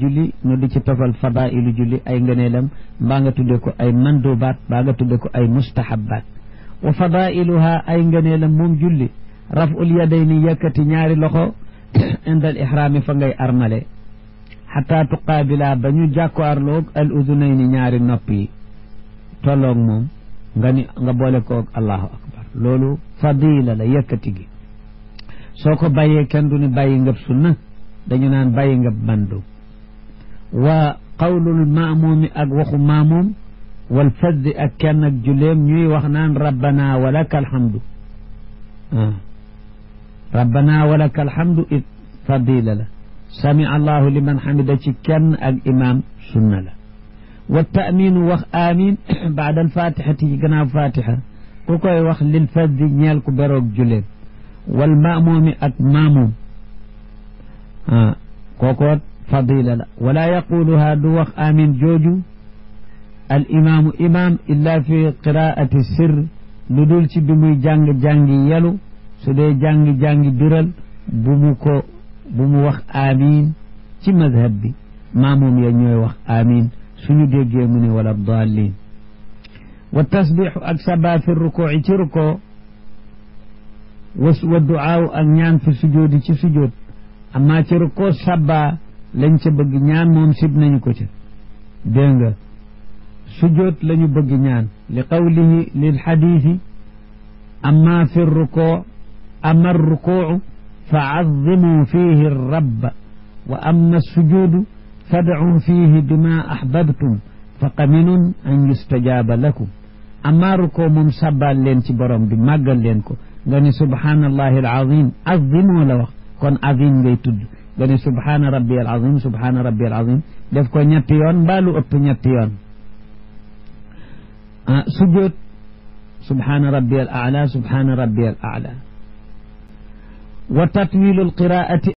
julli ñu di ci tofal fadailu julli ay ngëneelam mbaa nga tudde ko ay mandubaat mbaa nga tudde ko ay mustahabaat wa fadailuha ay ngëneelam moom julli raful yadayni yëkkati ñaari loxo indal ihraami fa ngay armale xataa tuqaabilaa ba ñu jàkkaarloog al udunayni ñaari nopp yi tolloog moom nga ni boole koog allahu akbar loolu fadila la gi soo ko bàyyee kenn du ni bàyyi ngëb sunna dañu naan bàyyi ngëb mandu wa qawlul maamuumi ak waxu maamuum wal faddi ak kenn ak julleem ñuy wax naan rabbana walaka alhamdu ah. rabbana walaka alhamdu it fadila la sami allahu liman xamida ci kenn ak imaam sunna la wa taaminu wax amin baada alfatixati ci gannaaw fatixa ku koy wax lil faddi ñeel ku beroog julleem wal maamuumi ak maamuum ah, kookoot fadila la wala yaquluha du wax amin jooju al imaamu imaam illa fi qiraati sir lu dul ci bi muy jàng-jàngi yalu su dee jàng-jàngi biral bu mu ko bu mu wax amin ci madhab bi maamoom ya ñooy wax amin suñu déggee mu ne wala daalin wa tasbixu ak saba fi rukuuci ci rukoo wa ducaawu ak ñaan fi sujoodi ci sujood amma ci rukoo saba lañ ca bëgg ñaan moom sib nañu ko ca dégg nga sujjoot lañu bëgg ñaan li qawlihi lil xadiisi amma fi rukoo amma rukuu fa azimu fiihi rabba wa amma sujuudu fadcu fiihi bima ahbabtum fa qaminun an yustajaaba lakum amma rukoo moom sàbbaal leen ci borom bi màggal leen ko nga ni subhaanallahi alazim azimoo la wax kon azim ngay tudd nga ne subhaana rabbiyal azim subhaana rabbiyal azim def ko ñetti yoon mbaa lu ëpp ñetti yoon ah sujjóot subhaana rabbiyal a'la subhaana rabbiyal a'la wa tatwiilul qiraa'ati